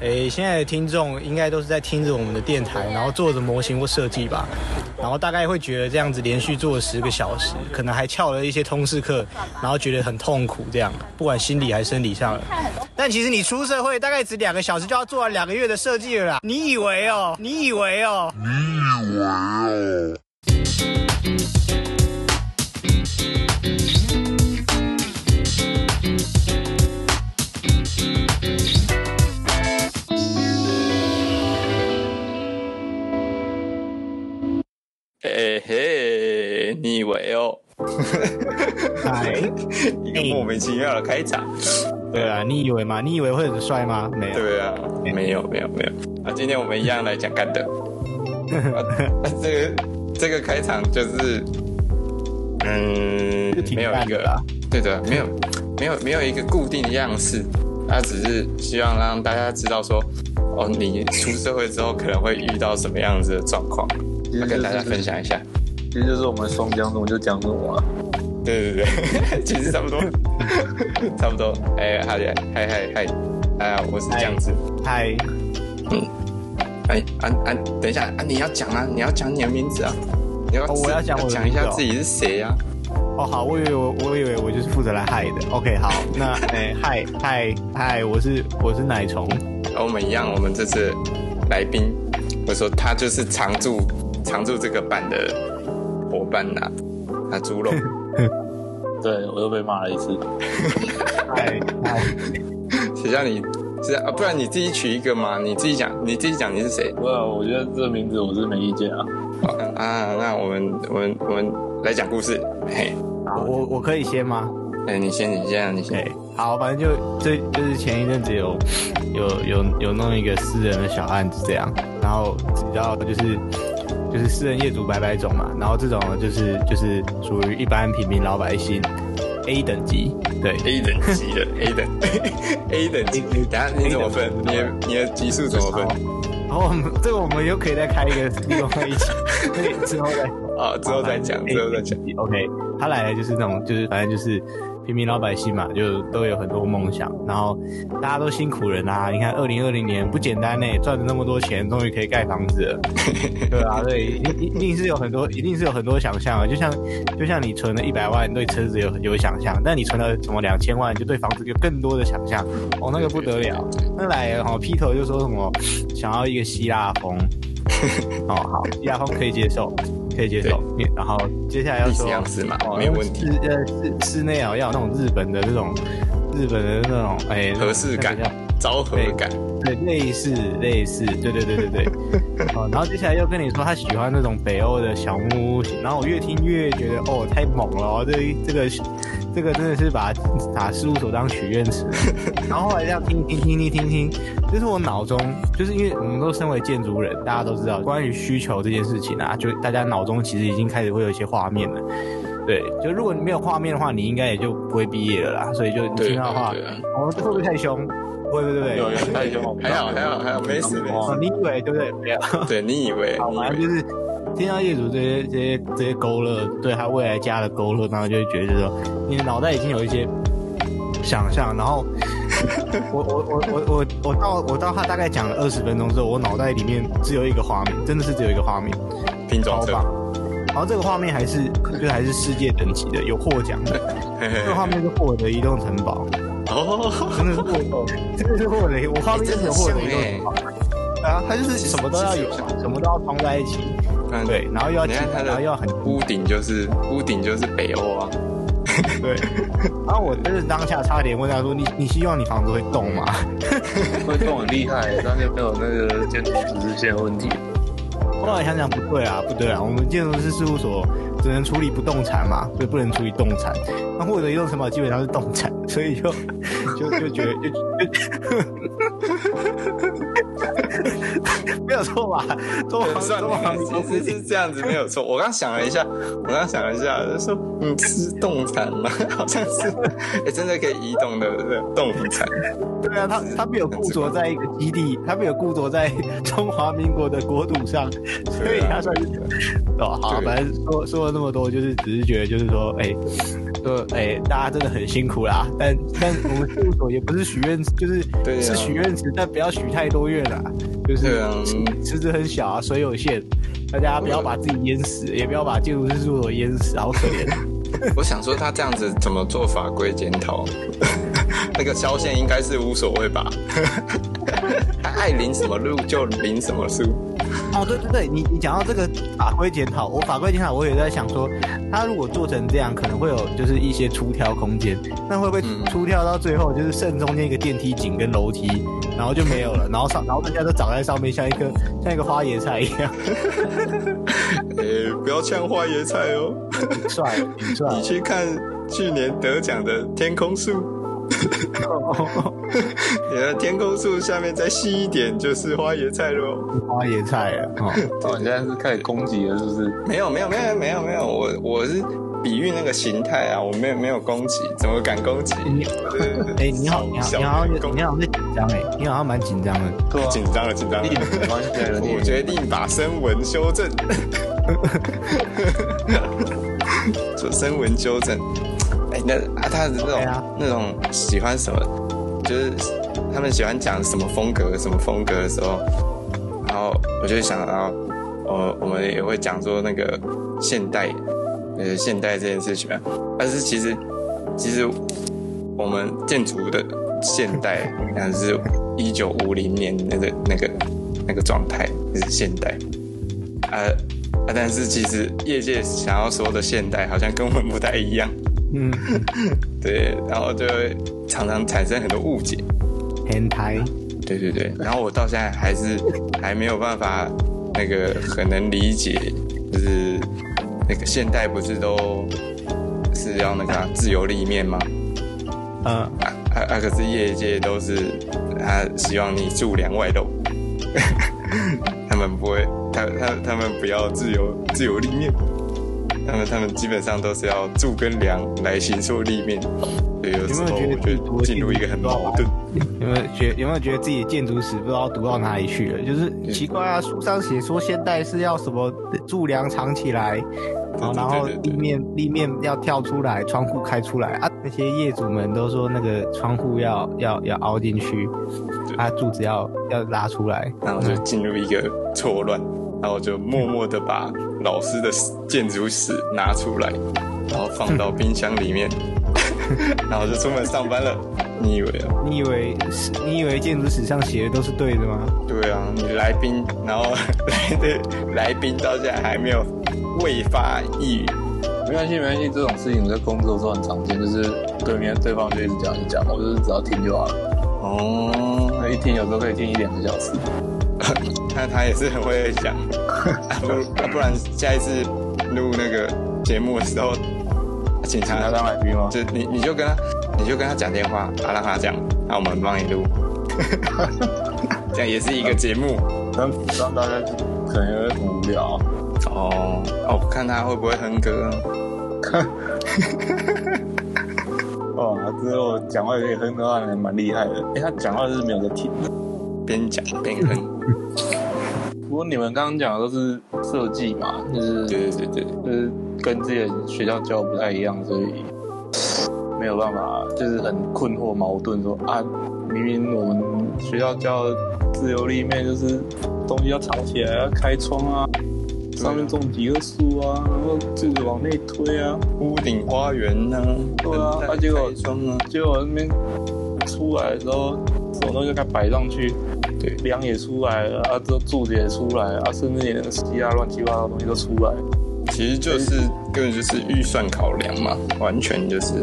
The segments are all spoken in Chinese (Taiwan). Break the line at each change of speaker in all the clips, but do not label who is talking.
哎，現在的聽眾應該都是在聽着我們的電台，然後做着模型或設計吧，然後大概會覺得這樣子連續做了十個小時，可能還翹了一些通識課，然後覺得很痛苦，這樣，不管心理還是生理上了。但其實你出社會大概只兩個小時就要做完兩個月的設計了啦，你以為哦？你以為哦？你以為哦？
嘿，hey, 你以為哦、喔？嗨，Hi. 一個莫名其妙的開場。Hey.
對，對啊，你以為嗎？你以為會很帥嗎？沒有。對啊，Hey.
沒有，沒有，沒有。啊，今天我們一樣來講乾的。
這
個這個開場就是，嗯，沒有一個啦。的對的，沒有，沒有，沒有一個固定的樣式。他、啊、只是希望讓大家知道說，哦，你出社會之後可能會遇到什麼樣子的狀況， 那跟大家分享一下。Yes, yes, yes, yes. 其實就是我們雙江總就江總啊。對對對，其實差不多， 差不多。哎，好、哎、的，嗨嗨嗨，哎，我是醬汁，嗨，嗯，哎啊啊，等一下啊，你要講啊，你要講你的名字啊，你要、oh, 我要講講、哦、一下自己是誰呀、
啊？哦、oh, 好，我以為我我以為我就是負責來嗨的。OK，好，那哎嗨嗨嗨，我是我是奶蟲，
和我們一樣，我們這次來賓，我說他就是常駐常駐這個版的。班拿，啊豬肉 對，我又被罵了一次，哈哈誰叫你是啊。不然你自己取一個嘛，你自己講，你自己講你是誰？啊、我覺得這個名字我是沒意見啊。好、oh, 啊，那我們我們我們，我們來講故事。嘿、
hey.，我我可以先嗎？
哎，hey, 你先，你先、啊，你先。
Okay. 好，反正就這就，就是前一陣子有有有有弄一個私人的小案子這樣，然後主要就是。就是私人業主百百種嘛，然後這種就是就是屬於一般平民老百姓，A 等級，對，A 等級的 A 等 A 等級，你答 A, A 你怎麼分？你
你的級數怎麼分？
們、oh. oh, 這個我們又可以再開一個，你怎麼分一起之後再啊，oh, 之後再講，之後再講。OK，他來的就是那種，就是反正就是。平民老百姓嘛，就都有很多夢想，然後大家都辛苦人啦、啊。你看，二零二零年不簡單呢、欸，賺了那麼多錢，終於可以蓋房子了。 對啊，對，一定一定是有很多，一定是有很多想象啊。就像就像你存了一百萬，對車子有有想象，但你存了什麼兩千萬，你就對房子有更多的想象。 哦，那個不得了，那來哦，劈頭就說什麼想要一個希臘風。 哦，好，希臘風可以接受。可以接受，對然後接下來要做日式嘛，沒問題。室呃室室內啊，要有那種日本的這種日本的那種哎，欸、合適感。朝北感對，對，類似，類似，對,對，對,對,對，對，對，對，然後接下來又跟你說他喜歡那種北歐的小木屋然後我越聽越覺得，哦，太猛了、哦，這這個這個真的是把打事務所當許願池 然後後來這樣聽聽聽聽聽聽，就是我腦中就是因為我們都身為建築人，大家都知道關於需求這件事情啊，就大家腦中其實已經開始會有一些畫面了。對，就如果你沒有畫面的話，你應該也就不會畢業了啦。所以就你聽到的話，我們會不會太兇？不會，不會，不會，有有太兇，還好，還
好，還好，
沒事。你以為對不對？
對，你以為。好
嘛，就是聽到業主這些、這些、這些勾勒，對他未來家的勾勒，然後就會覺得說，你腦袋已經有一些想象然後我、我、我、我、我、我到我到他大概講了二十分鐘之後，我腦袋裡面只有一個畫面，真的是只有一個畫面，超棒。然後這個畫面還是就是還是世界等級的，有獲獎的。這個畫面是獲得移動城堡。哦，真的是獲得，這個是獲得。我畫面就是獲得移動城堡。對啊，它就是什麼都要有嘛，什麼都要通在一起。嗯，對，
然後又要，然後又要很。屋頂就是屋頂就是北歐啊。
對。然後我真的當下差點問他說，你你希望你房子會動嗎？
會動很厲害，但是沒有那個建築直線問題。
後來想想不對啊，不對啊，我們建築師事務所只能處理不動產嘛，所以不能處理動產。那獲得移動城堡基本上是動產，所以就就就覺得就就。就就就 錯算，其實是這樣
子，沒有錯。 我剛想了一下，我剛想了一下，就說你、嗯、吃動產嗎？好像是、 欸，真的可以移動的動產。
對啊，他他沒有固着在一個基地，他沒有固着在中華民國的國土上，對啊、所以他算是哦。 好、啊，反正對說說了那麼多，就是只是覺得，就是說，欸哎、欸，大家真的很辛苦啦，但但我們事務所也不是許願， 就是對、啊、是許願池，但不要許太多願啦，就是池子、啊、很小啊，水有限，大家不要把自己淹死，的也不要把建築師事務所淹死，好可憐。
我想說他這樣子怎麼做法規檢討？ 那個消線應該是無所謂吧？ 他愛領什麼路就領什麼書。
哦，對對對，你你講到這個法規檢討，我法規檢討我也在想說。它如果做成這樣，可能會有就是一些出挑空間，那會不會出挑到最後就是剩中間一個電梯井跟樓梯，然後就沒有了，然後上然後大家都長在上面，像一棵像一個花椰菜一
樣。
呵、 欸。不要像花椰菜哦！挺帥，挺帥！你去看去年得獎的天空樹。 你的天空樹下面再細一點就是花椰菜嘍。
花椰菜啊！哦，你現在是開始攻擊了，是
不是？沒有沒有沒有沒有沒有，我我是比喻那個形態啊，我沒有沒有攻擊，怎麼敢攻擊？哎，你好
你好你好你好，你好你哎，你好像蠻緊張的，
緊張的緊張的。我決定把聲紋修正，做聲紋修正。哎，那啊，他是這種，那種喜歡什麼？就是他們喜歡講什麼風格，什麼風格的時候，然後我就會想到，呃，我們也會講說那個現代，呃，現代這件事情啊。但是其實，其實我們建築的現代好像是一九五零年那個那個那個狀態，就是現代，呃，啊，但是其實業界想要說的現代好像跟我們不太一樣。
嗯，
對，然後就會。常常產生很多誤解，
天台對對對，
然後我到現在還是還沒有辦法那個很能理解，就是那個現代不是都是要那個自由立面嗎？嗯，啊啊可是業界都是他、啊、希望你柱梁外露，他們不會，他他他們不要自由自由立面，他們他們基本上都是要柱跟梁來形作立面。有沒有覺得進入一個很矛盾？
有沒有覺有沒有覺得自己的建築史不知道讀到哪裡去了？就是奇怪啊，書上寫說現在是要什麼柱梁藏起來，然後地面地面要跳出來，窗戶開出來啊。那些業主們都說那個窗戶要要要凹進去，啊柱子要要拉出來，然後
就進入一個錯亂，然後就默默的把老師的建築史拿出來，然後放到冰箱裡面。 然後我 就出門上班了，
你以為，啊？你以為，你以為建築史上寫的都是對的嗎？
對啊，你來賓，然後來賓到現在還沒有
未發一語。沒關係，沒關係，這種事情在工作的時候很常見，就是對面對方就一直講，一直講，我就是只要聽就好了。哦，一聽有時候可以聽一兩個小時。那 他，他也是很會講，啊、不、 啊、不然下
一次錄那個節目的時候。 警察要當來賓嗎？就你，你就跟他，你就跟他講電話，啊、讓他講，那、啊、我們幫你錄。 這樣也是一個節目，讓讓大家可能有點無聊。哦，我、哦、看他會不會哼歌。哦， 他、啊、之後講話也可以哼歌的話，還蠻厲害的。哎、欸，他講話是，是沒有在聽，邊
講邊哼。 我你們剛剛講的都是設計嘛，就是對對對，就是跟自己的學校教不太一樣，所以沒有辦法，就是很困惑矛盾說。說啊，明明我們學校教自由立面，就是東西要藏起來，要開窗啊，對上面種幾個
樹啊，然後自己往內推啊，屋頂花園吶、啊，對啊，對啊，啊，啊結果
窗呢結果那邊出來的時候，嗯、什麼東西該擺上去？對，梁也出來了，啊，這柱子也出來了，啊，甚至連那個氣壓亂七八糟東西都出來了，其實就是，是
根本就是預算考量嘛，完全就是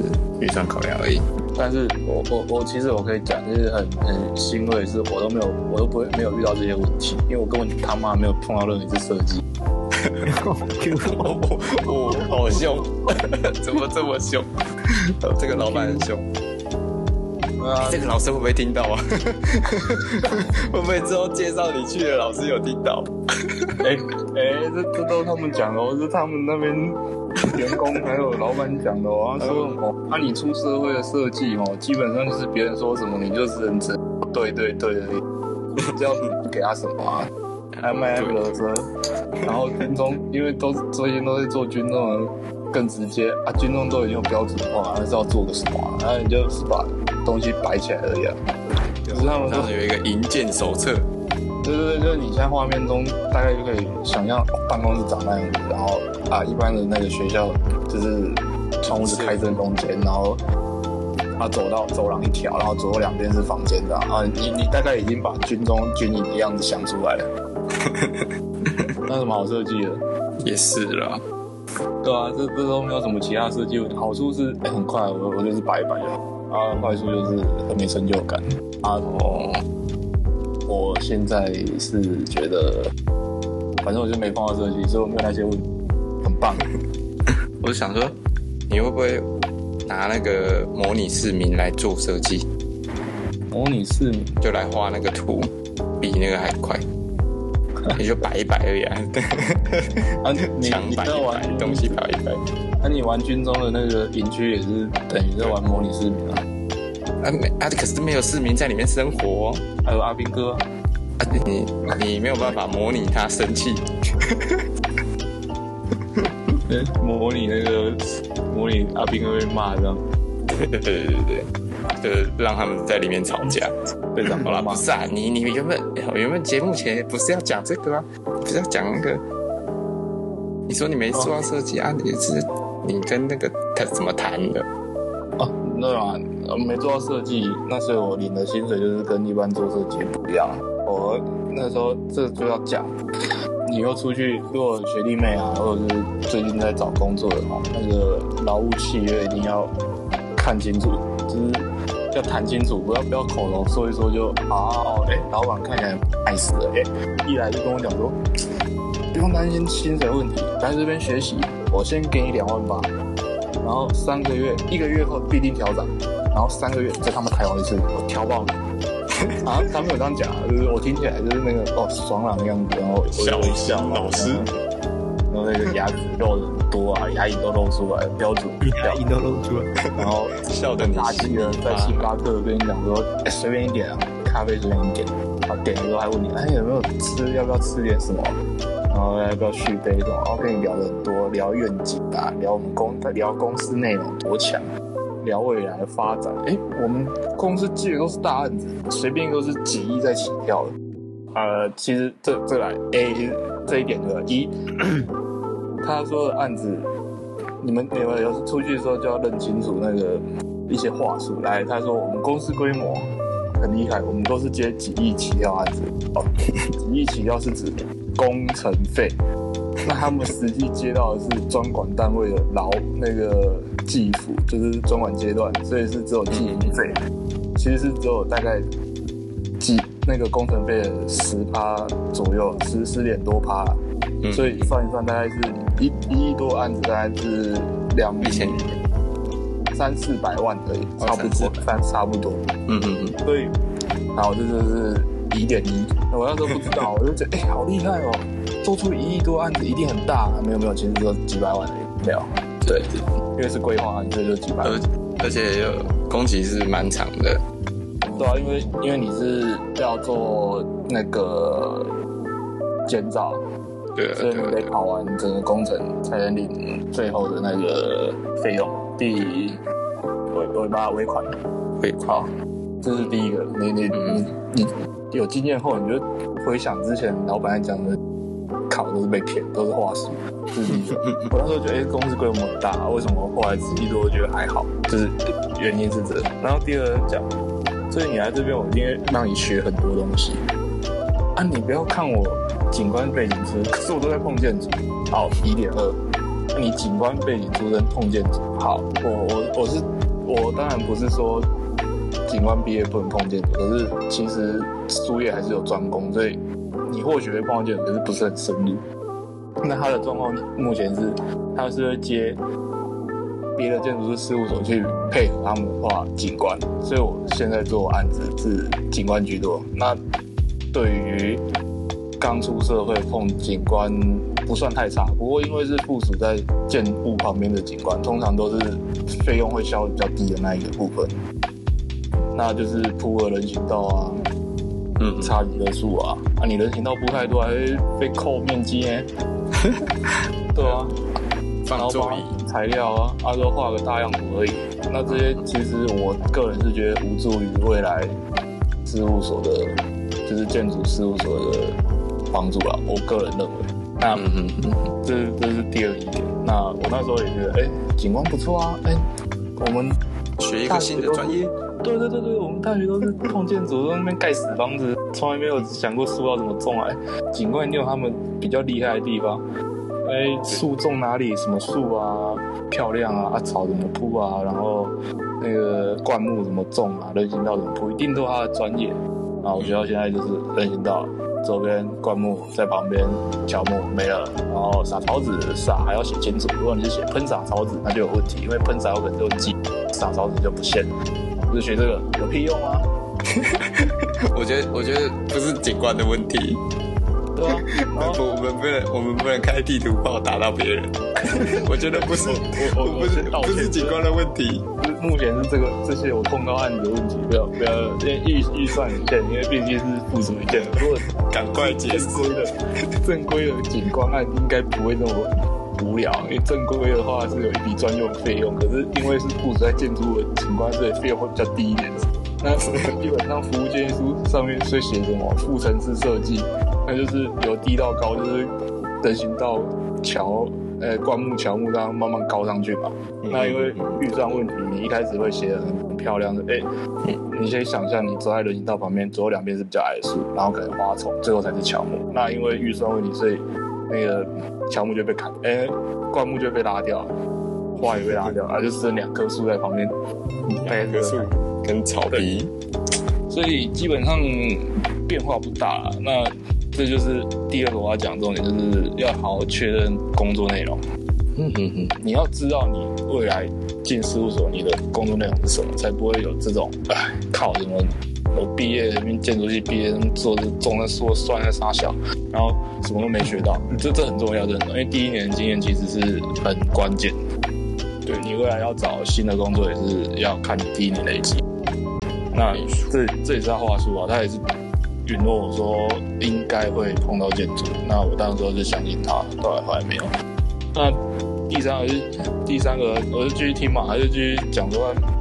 預算考
量而已。但是我我我其實我可以講，就是很很、嗯、欣慰，是我都沒有，我都不會沒有遇到這些問題，因為我根本就他媽沒有碰到任何一次設計。我我好兇，
怎麼這麼兇？ 這個老板很兇。這個、啊、老師會不會聽到啊？ 會不會之後介紹你去的老師有聽到？哎
哎、欸、這、欸、這都他們講的哦，是他們那邊員工還有老闆講的哦。說什麼？啊，哦、啊你出社會的設計哦，基本上就是別人說什麼你就是認真。對對對對，對對對你就要 你給他什麼啊 M I M 的，哦、然後軍中因為都最近都是做軍中的，更直接啊，軍中都已經有標準化了，還是要做個什麼、啊，然後你就把。東西擺起來而已，啊，就對是他們當時有一個營建手冊。對對對，就是你現在畫面中大概就可以想象、哦、辦公室長那樣子，然後啊一般的那個學校就是窗戶是開正中間，然後他走到走廊一條，然後左右兩邊是房間的。啊，你你大概已經把軍中軍營的樣子想出來了。 那什麼好設計了？也是了。對啊，這這都沒有什麼其他設計，好處是、欸、很快，我我就是擺一擺啊。他的壞處就是很沒成就感。阿、啊、童，嗯、我現在是覺得，反正我就沒碰到設計，所以我沒有那些問題很棒。我就想說，你會不會拿那個
模擬市民來做設計？模擬市民就來畫那個圖，比那個還快。 你就擺一擺而已啊。 啊，你擺一擺你在玩東西擺一擺。那你、啊、你玩軍中的那個營區也是等於在玩模擬市民啊？哎，阿迪克斯沒有市民在裡面生活喔。還有阿兵哥，啊啊，你你沒有辦法模擬他生氣， 欸，模擬那個模擬阿兵哥被罵這樣。對對對對對，就是讓他們在裡面吵架，對， 好了嗎？不是啊，你你原本原本節目前不是要講這個嗎？不是要講那個？你說你沒做設計啊？你是你跟那個他怎麼談的？
哦、啊，那、啊。沒做到設計，那時候我領的薪水就是跟一般做設計不一樣。我那時候這就要講，你又出去做學弟妹啊，或者是最近在找工作的話，那個勞務契約一定要看清楚，就是要談清楚，不要不要口頭說一說就好。哎、哦，老闆看起來 nice，哎，一來就跟我講說，不用擔心薪水問題，來這邊學習，我先給你兩萬八，然後三個月一個月後必定調整。然後三個月在他們台灣一次我挑爆你啊！ 然後他們有這樣講，就是我聽起來就是那個哦，爽朗的樣子，然後笑一笑，老師然後，然後那個牙齒露的很多啊，牙齦都露出來，標準，牙齦都露出來，然後笑的你大吉的，啊、在星巴克跟你講說唉隨便一點啊，咖啡隨便你點，然後點的時候還問你哎，有沒有吃，要不要吃點什麼，然後要不要續杯這種，然後跟你聊的多，聊願景啊，聊我們公聊公司內容多強。聊未來的發展，哎，我們公司基本都是大案子，隨便都是幾億在起跳的。呃，其實這這來 A 這一點對吧？一他說的案子，你們有沒有有時出去的時候就要認清楚那個一些話術。來，他說我們公司規模很厲害，我們都是接幾億起跳案子。哦，幾億起跳是指工程費，那他們實際接到的是專管單位的勞那個。技服就是中完階段，所以是只有技服費，嗯、其實是只有大概幾那個工程費的十趴左右，十十點多趴，啊嗯、所以算一算，大概是一一億多案子，大概是兩千三四百萬而已，哦、差不多，差四差不多，嗯嗯嗯，所以，然後這就是一點一，我那時候不知道， 我就覺得哎、欸，好厲害哦、喔，做出一億多案子一定很大、啊，沒有沒有，其實就幾百萬沒有。對，因為是規劃，所以就幾百。而而且有
工期是蠻長的。
對啊，因為因為你是要做那個建造，對，所以你得跑完整個工程才能領最後的那個費用。第，我我把它尾款。尾款，這是第一個。你你你你有經驗後，你就回想之前老板講的。考都是被騙，都是化石。自 我那時候覺得哎，公司規模很大，為什麼？後來仔細做覺得還好，就是原因是這，然後第二個講，所以你來這邊，我應該讓你學很多東西啊。你不要看我景觀背景出身，可是我都在碰建築。好，一點二，你景觀背景出身碰建築。好，我我我是我當然不是說景觀畢業不能碰建築，可是其實術業還是有專攻，所以。你或許會碰見，可是不是很深入。那他的狀況目前是，他是會接別的建築師事務所去配合他們畫景觀，所以我現在做案子是景觀居多。那對於剛出社會碰景觀不算太差，不過因為是附屬在建物旁邊的景觀，通常都是費用會削比較低的那一個部分，那就是鋪了人行道啊，嗯，插幾棵樹啊。嗯你人行道鋪太多，還會被扣面積呢。 對啊，放然後把材料啊，阿、啊、哥畫個大樣圖而已。那這些其實我個人是覺得無助於未來事務所的，就是建築事務所的幫助啊。我個人認為，那，嗯嗯嗯、這這是第二點。那我那時候也覺得，哎、嗯，景觀不錯啊，哎，我們學一個新的專業。對對對對，我們大學都是碰建築， 都在那邊蓋死房子，從來沒有想過樹要怎麼種啊。景觀你有他們比較厲害的地方，哎、嗯，樹種哪裡？什麼樹啊？漂亮啊？啊草怎麼鋪啊？然後那個灌木怎麼種啊？人行道怎麼鋪？一定都是他的專業。啊，我覺得現在就是人行道周邊灌木在旁邊，喬木沒了，然後撒草籽撒，還要寫清楚。如果你是寫噴灑草籽，那就有問題，因為噴灑可能都是劑，撒草籽就不限。就學這個有屁用嗎？ 我覺得，我覺得不是警
官的問題。對啊，我們不能， 我們不能開地圖炮打到別
人。 我覺得不是，我我，我，我不是，不是警官的問題。目前是這個這些我碰到案子的問題，不要不要，先預預算一下，因為畢竟是附屬線。如果趕快結出的正規的警官案，應該不會那麼。無聊，因為正規的話是有一筆專用費用，可是因為是佈置在建築的景觀，所以費用會比較低一點。那基本上服務建議書上面是寫什麼？複層式設計，那就是由低到高，就是人行道、喬、呃、灌木、喬木這樣慢慢高上去吧。嗯、那因為預算問題，嗯嗯、你一開始會寫得很漂亮的，哎、嗯，你先想象你走在人行道旁邊，左右兩邊是比較矮的樹，然後可能花叢，最後才是喬木。那因為預算問題，所以。那個喬木就被砍了，哎、欸，灌木就被拉掉了，花也被拉掉了， 啊，就剩兩棵樹在旁邊，兩棵樹跟草皮，對所以基本上變化不大。那這就是第二個我要講的重點，就是要好好確認工作內容。嗯嗯嗯，你要知道你未來進事務所，你的工作內容是什麼，才不會有這種哎，靠什麼。我畢業，因為建築系畢業，做總在說算在沙小，然後什麼都沒學到。這這很重要，這很重要，因為第一年的經驗其實是很關鍵。對你未來要找新的工作，也是要看你第一年累積。嗯、那是這，這也是他話術啊，他也是允諾我說應該會碰到建築。那我當時就相信他，到後來沒有。那第三個是第三個，我就繼續聽嘛，還是繼續講說。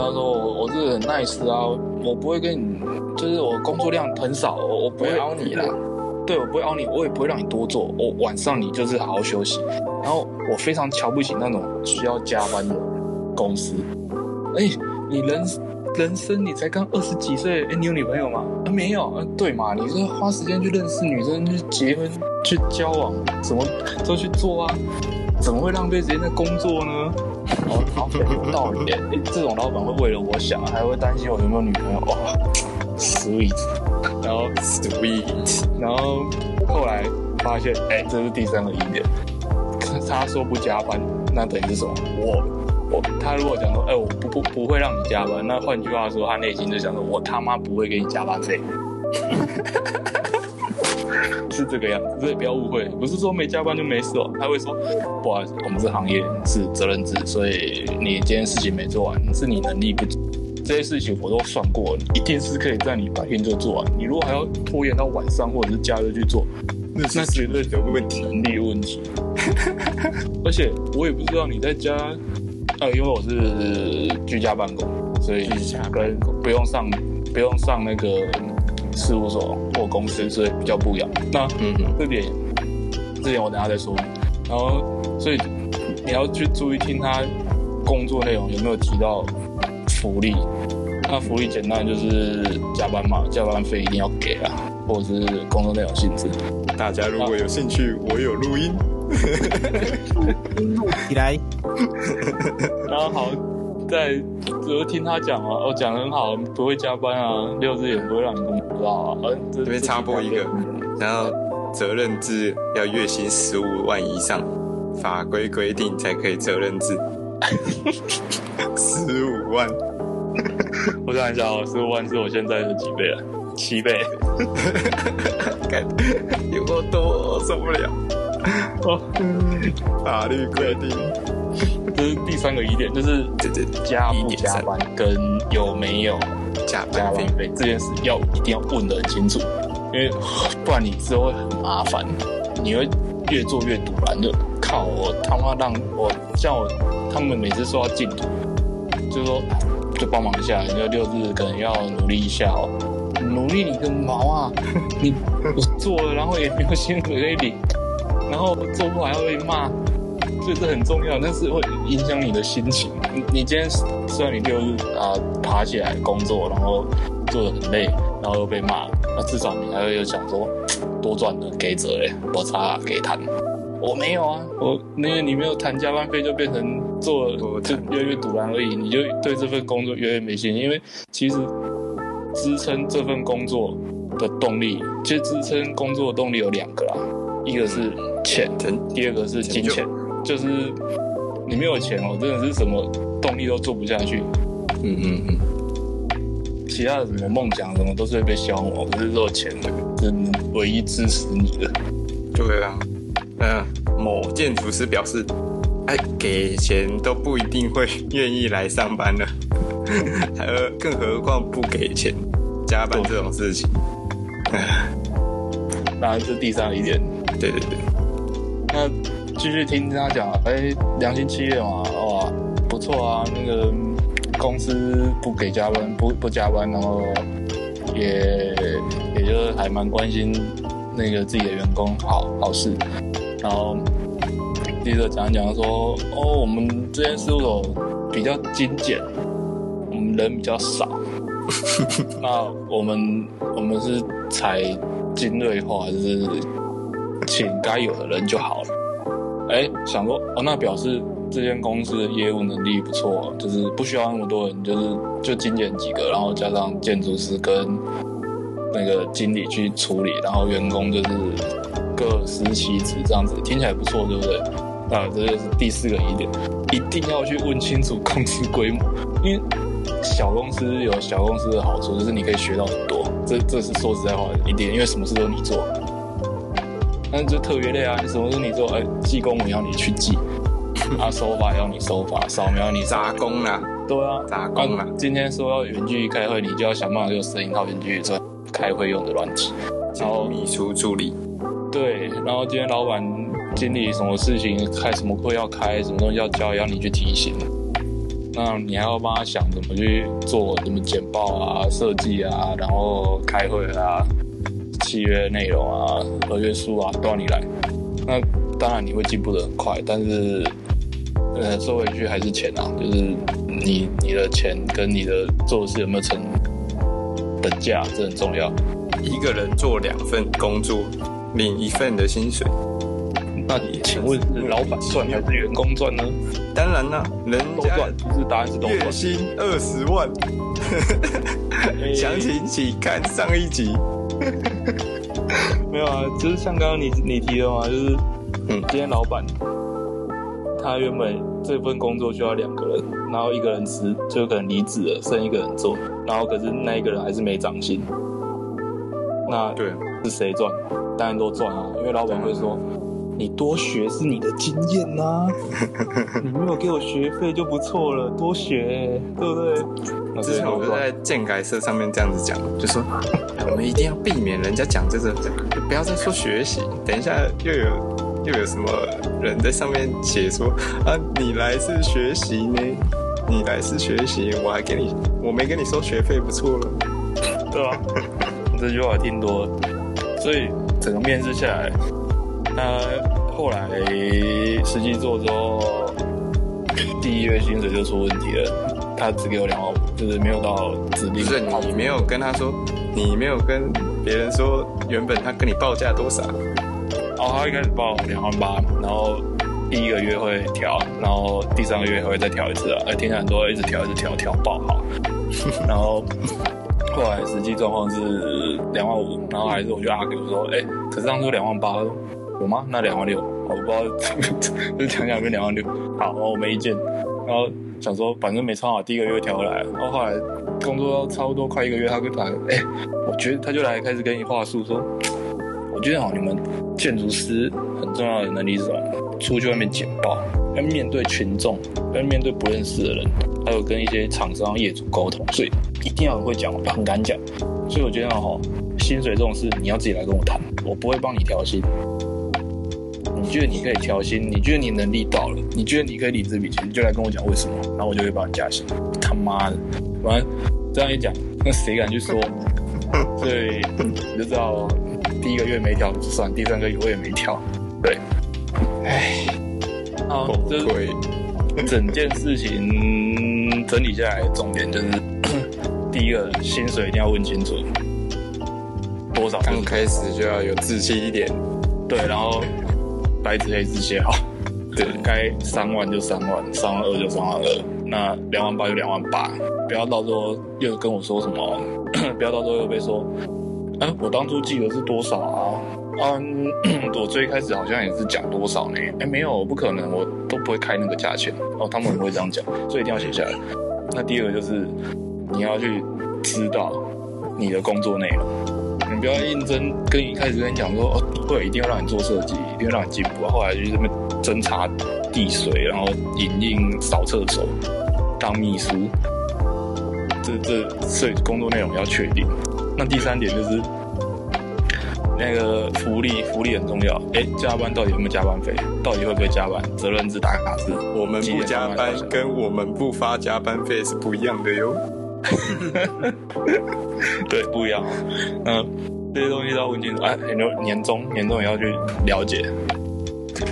他說我：“我我是很 nice 啊，我不會跟你，就是我工作量很少，我、哦、我不會拗你啦。對，我不會拗你，我也不會讓你多做。我、哦、晚上你就是好好休息。然後我非常瞧不起那種需要加班的公司。哎、 欸，你人人生你才剛二十幾歲，哎、欸，你有女朋友嗎？啊、沒有啊？對嘛？你說花時間去認識女生，去結婚，去交往，怎麼都去做啊？”怎麼會浪費時間在工作呢？然後倒眼，哎、欸欸，這種老板會為了我想，還會擔心我有沒有女朋友哦 sweet 然後 sweet，然後 sweet, 然後,後來發現，哎、欸，這是第三個疑點。他說不加班，那等於是什麼？我我他如果講說，哎、欸，我不不不會讓你加班，那換句話說，他、啊、內心就想說，我他媽不會給你加班費。 是這個樣子，所以不要誤會，不是說沒加班就沒事哦。他會說，不好意思，我們這行業是責任制，所以你今天事情沒做完，是你能力不足。這些事情我都算過了，一定是可以在你白天就做完。你如果還要拖延到晚上或者是假日去做，那絕對絕對問題能力問題。 而且我也不知道你在家，呃、啊，因為我是居家辦公，所以跟不用上不用上那個。事務所或公司，所以比較不一樣。那、嗯、哼這點，這點我等下再說。然後，所以你要去注意聽他工作內容有沒有提到福利。那福利簡單就是加班嘛，加班費一定要給啊，或者是工作內容性質。大家如果有
興趣，啊、我有錄音，
錄 音錄起來。
然後好。在只是聽他講啊。我講的很好，不會加班啊，六日也不會讓你工作啊，嗯、這邊插播一個，然後責任
制要月薪十五萬以上，法規規定才可以責任制，十
五 萬， 我想一下啊，十五萬是我現在的幾倍啊？七倍， 有我多受不
了，
法律規定。 這是第三個疑點，就是加不加班跟有沒有加班費這件事，要一定要問得很清楚，因為不然你之後會很麻煩，你會越做越賭爛，就靠，我他媽，讓我，叫我，他們每次說要進度，就說就幫忙一下，你要六日可能要努力一下哦，努力你個毛啊，你做了然後也沒有薪水領，然後做不好還會被罵。所以這很重要，但是會影響你的心情，你，你今天雖然你就是啊爬起來工作，然後做的很累，然後又被罵了，那至少你還會有想說多賺的給責，誒我差給談。我沒有啊，我因為、那個、你沒有談加班費，就變成做就越來越賭爛而已，你就對這份工作越來越沒信心，因為其實支撐這份工作的動力，其實支撐工作的動力有兩個啊，一個是錢，前第二個是金錢。就是你沒有錢哦、喔，真的是什麼動力都做不下去。嗯嗯嗯，其他的什麼夢想什麼都是會被消亡，不、就是都有錢真的，是唯一支持你的。對啊，嗯，某
建築師表示，哎，給錢都不一定會願意來上班的，而 更何況不給錢加班這種事情。
哎對，當然是地上一點。對對對，那。繼續聽他講，哎、欸，良心企業嘛，哇，不錯啊。那個公司不給加班，不不加班，然後也也就是還蠻關心那個自己的員工好，好好事。然後接着講講說，哦，我們這邊事務所比較精簡，我們人比較少， 那我們我們是採精銳化，還是請該有的人就好了。哎，想說哦，那表示這間公司的業務能力不錯，哦，就是不需要那麼多人，就是就精簡幾個，然後加上建築師跟那個經理去處理，然後員工就是各司其職這樣子，聽起來不錯，對不對？那、啊，這就是第四個疑點，一定要去問清楚公司規模，因為小公司有小公司的好處，就是你可以學到很多，這這是說實在話一點，因為什麼事都你做。但是就特別累啊！什麼是你做？哎、欸，技工我要你去技 啊，手法要你手法，掃描你法雜工啦啊，都要雜工啦啊。今天說要遠距開會，你就要想辦法用攝影套遠距做開會用的軟體，然後秘書助理。對，然後今天老闆、經理什麼事情，開什麼會要開，什麼東西要交，要你去提醒。那你還要幫他想怎麼去做什麼簡報啊、設計啊，然後開會啊。契約內容啊，合約書啊，都讓你來。那當然你會進步得很快，但是，呃，收回去還是錢啊，就是你你的錢跟你的做事有沒有成等價，這很重要。
一個人做兩份工作，領一份的薪水，那你請問是老板賺還是員工賺呢？當然啦、啊，人都賺，月薪二十萬，詳情請看上一集。
沒有啊，就是像剛剛你你提的嘛，就是，嗯，今天老闆他原本這份工作需要兩個人，然後一個人辭，就可能離職了，剩一個人做，然後可是那一個人還是沒漲薪，那對，是誰賺？當然都賺啊，因為老闆會說。嗯你多學是你的經驗吶、啊， 你沒有給我學費就不錯了，多學、欸、對不對？之前我就
在建改社上面這樣子講，就說
我們一定要避
免人家講、這個、就不要再說學習。等一下又有又有什麼人在上面寫說啊，你來是學習呢，你來是學習，
我還給你，
我沒跟你收學費不錯了，
對吧、啊？這句話聽多了，所以整個面試下來。他、呃、後來實際做之後，第一個月薪水就出問題了，他只給我兩萬五，就是沒有到指定。不是你沒有跟他說，你沒有跟別人說，原本他跟你報價多少？哦，他一開始報兩萬八，然後第一個月會調，然後第三個月會再調一次啊！哎、欸，聽了很多，一直調，一直調，調報。好，
然後
後來實際狀況是兩萬五，然後還是我就阿我說，哎、欸，可是當初兩萬八。有嗎？那兩萬六，我不知道， 就講講跟兩萬六。好，哦、我沒意見，然後想說反正沒超好，第一個月調回來了。然後後來工作要差不多快一個月，他就來，哎，我覺得他就來開始跟你話術說，我覺得好，你們建築師很重要的能力是什麼？出去外面簡報，要面對群眾，要面對不認識的人，還有跟一些廠商、業主溝通，所以一定要很會講，很敢講。所以我覺得哦，薪水這種事你要自己來跟我談，我不會幫你調薪。你覺得你可以調薪，你覺得你能力到了，你覺得你可以理智理錢，你就來跟我講為什麼，然後我就會幫你加薪。他媽的，完這樣一講，那誰敢去說？所以你就知道，第一個月沒調就算，第三個月我也沒調。對，唉，好、啊，這整件事情 整理下來，重點就是咳咳第一個，薪水一定要問清楚多少，剛開始就要有自信一點。對，然後。Okay. 白紙黑字寫好，對，該三萬就三萬，三萬二就三萬二，那兩萬八就兩萬八，不要到時候又跟我說什麼， 不要到時候又被說，哎、啊，我當初記得是多少啊？啊，嗯、 我最開始好像也是講多少呢？哎、欸，沒有，不可能，我都不會開那個價錢。哦，他們也會這樣講，所以一定要寫下來。那第二個就是，你要去知道你的工作內容，你不要應徵跟一開始跟你講說，哦，對，一定要讓你做設計。就讓你進步。後來就這麼斟茶遞水，然後影印、掃廁所、當秘書。這、這、所以工作內容要確定。那第三點就是那個福利，福利很重要。哎、欸，加班到底有沒有加班費？到底會不會加班？責任制、打卡制。我們不加班，班跟我們不發加班費是不一樣的喲。 對，不一樣。嗯。這些東西都要問清楚。哎，很多年終、年終也要去了解，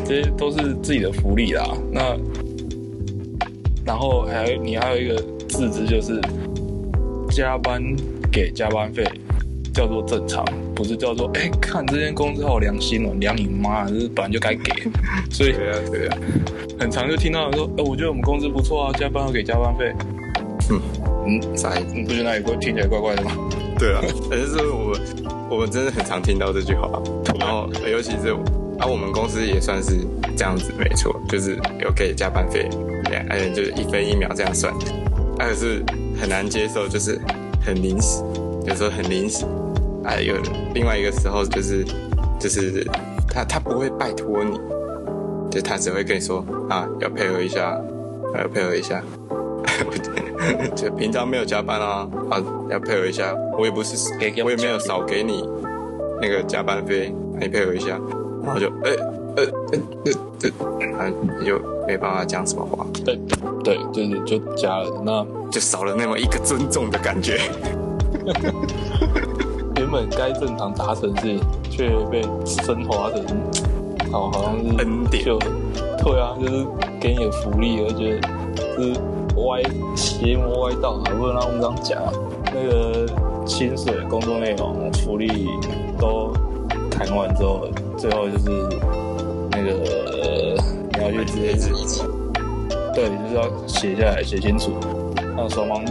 這些都是自己的福利啦。那，然後還你還有一個自治，就是加班給加班費，叫做正常，不是叫做哎、欸，看這間公司好良心哦、喔，良你媽、啊，是本來，就是反正就該給。 所以，對啊，對啊，很常就聽到說，哎、欸，我覺得我們公司不錯啊，加班要給加班費。嗯嗯，咋、嗯？你不覺得那裡聽起來怪怪的嗎？對啊，正 是，是，是我。我們
真的很常聽到這句話，然後尤其是啊，我們公司也算是這樣子，沒錯，就是有給加班費，哎、啊，就是一分一秒這樣算，但、啊、是很難接受，就是很臨時，有時候很臨時，哎、啊，有另外一個時候就是就是他他不會拜託你，就他只會跟你說啊，要配合一下，要、啊、配合一下，哎，不對。就平常沒有加班啊，啊，要配合一下，我也不是，我也沒有少給你那個加班費，啊，你配合一下，然後就，呃呃呃呃，欸欸欸嗯嗯嗯，就沒辦法講什麼話，對對對對，就加了，那就
少了那麼一個尊重的感覺， 原本該正常達成是，卻被升華成，哦，好像恩典，N. 對啊，就是給你的福利，而且是。歪邪魔歪道，還不能讓我們這樣講。那個薪水、工作內容、福利都談完之後，最後就是那個你要去職還是？對，就是要寫下來，寫清楚，那雙方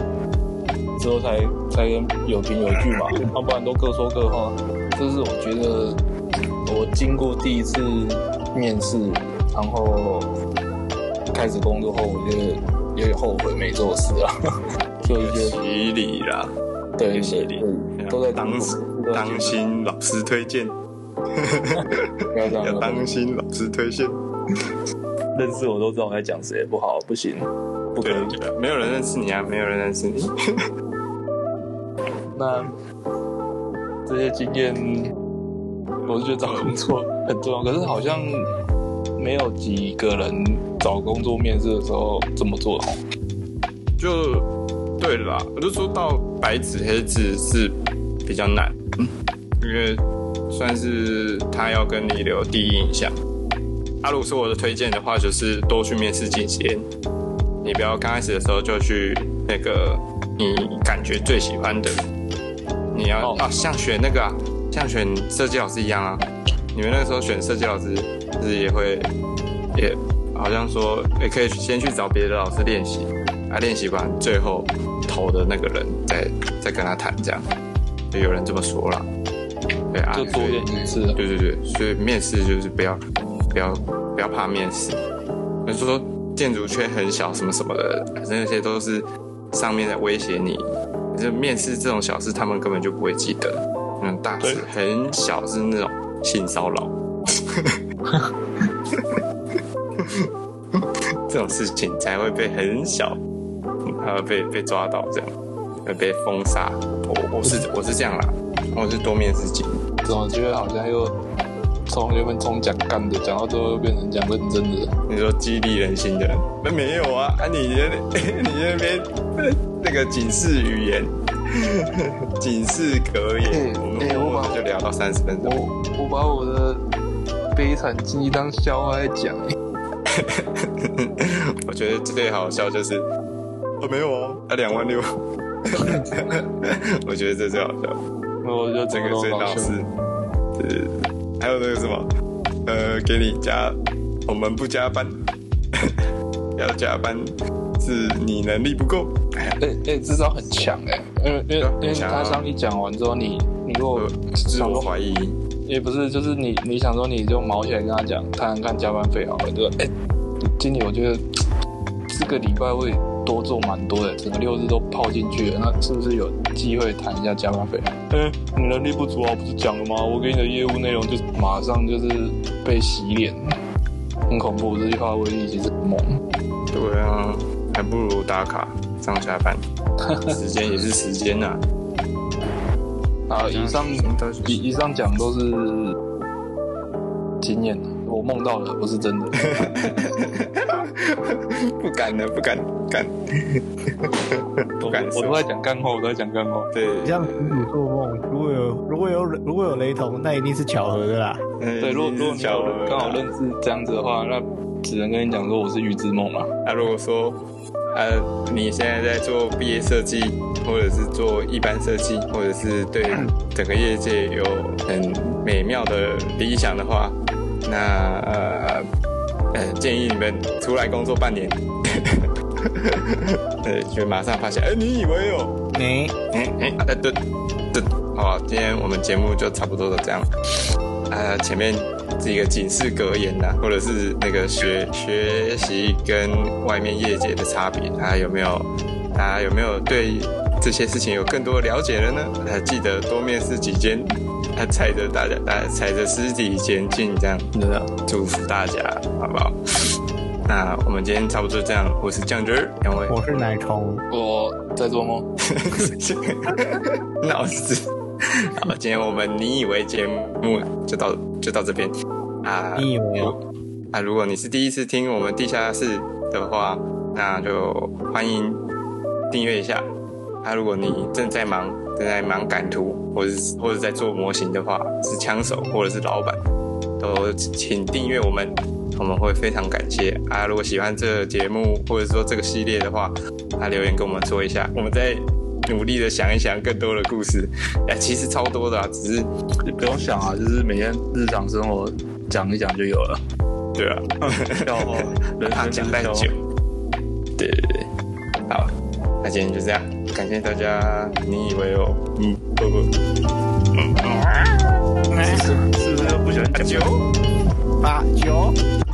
之後才才有憑有據嘛。要不然都各說各話。就是我覺得，我經過第一次面試，然後開始工作後，我覺得。有點後悔沒做事啊，做洗禮啦，對洗禮，都在當當心
老師推薦，要當心老師推薦，
認識我都知道我在講誰。不好，不行，不可能，沒有人認識你啊，沒有人認識你。那這些經驗，我是覺得找工作很要，可是好像沒有幾個人。找工作面試的時候怎麼做？就對了，我就說到白紙黑字是比較難，嗯、因
為算是他要跟你留第一印象。啊，如果說我的推薦的話，就是多去面試幾間，你不要剛開始的時候就去那個你感覺最喜歡的，你要啊、哦哦、像選那個、啊、像選設計老師一樣啊，你們那個時候選設計老師是也會也。好像說，也、欸、可以先去找別的老師練習，啊，練習完最後投的那個人再再跟他談，這樣，就有人這麼說了。對啊，所以是，對對對，所以面試就是不要不要不要怕面試。你、就是、說建築圈很小什麼什麼的，那些都是上面在威脅你。就面試這種小事，他們根本就不會記得。嗯，大事很小是那種性騷擾。對 這種事情才會被很小，嗯、還會被被抓到這樣，會被封殺喔。我我是我是這樣啦，我是多面之鏡，總覺得好像又從原本從講幹的，講到最後變成講認真的。你說激勵人心的？那、啊、沒有啊，哎、啊，你那，你那邊那個警示語言， 警示可言，欸、我們互動、欸、就聊到三十分鐘，我我把我的悲慘經歷當笑話在講。 我覺得最好笑就是，我、哦、沒有哦，他、啊、兩萬六 我覺得這最，最好笑。我我就整個最大是，是，還有那個什麼，呃，給你加，我們不加班， 要加班是你能力不夠，
哎哎、欸，至、欸、少很強哎、欸，因為因為強因為他上一講完之後，你你如果讓、呃、自我懷疑。也不是，就是你你想說你就毛起來跟他講，談談看加班費好了，對吧？哎、欸，經理，我覺得這個禮拜會多做蠻多的，整個六日都泡進去了，那是不是有機會談一下加班費？哎、欸，你能力不足啊，我不是講了嗎？我給你的業務內容就是馬上就是被洗臉，很恐怖。這句話我已經已經懵。對啊，還不如打卡上下班，時間也是時間吶、啊。 啊，以上以以上講都是經驗，我夢到了，不是真的， 不敢的，不敢，不敢，
不
敢我，我都在講乾貨，我都在講乾貨。對，
像你做夢，如果有如果有如果有雷同，那一定是巧合的啦。
嗯、對，如果如果剛好認識這樣子的話，嗯、那
只能跟你講說我是預知夢嘛，那、啊、如果說，呃、啊，你現在在做畢業設計？或者是做一般設計，或者是對整個業界有很美妙的理想的話，那呃、呃，建議你們出來工作半年， 對，就馬上發現，哎、欸，你
以為喔？你、
嗯，哎、嗯、哎、啊，對對，好、啊，今天我們節目就差不多都這樣。啊，前面這個警示格言吶、啊，或者是那個學學習跟外面業界的差別，大家有沒有？大家有沒有對？這些事情有更多了解了呢？還記得多面試幾間，還、啊、踩着大家，大、啊、家踩着屍體前進這樣。祝福大家，好不好？那我們今天差不多這樣。我是醬汁兒，兩位，
我是奶蟲，
我在做夢，老師。好，今天我們你以為節目就到就到這邊啊。你以為啊？如果你是第一次聽我們地下室的話，那就歡迎訂閱一下。啊，如果你正在忙，正在忙趕圖，或者是或者在做模型的話，是槍手或者是老闆，都請訂閱我們，我們會非常感謝。啊，如果喜歡這個節目或者說這個系列的話，啊，留言跟我們說一下，我們再努力的想一想更多的故事。哎、啊，其實超多的、啊，只是不
用想啊，是就是每天日常生活講一講就有了。對啊，要讓他講太久。對對對，好。今天就這
樣，感謝大家，你以為哦，嗯，不不，
沒、嗯、事，是、嗯、不是不想九八九？9, 8, 9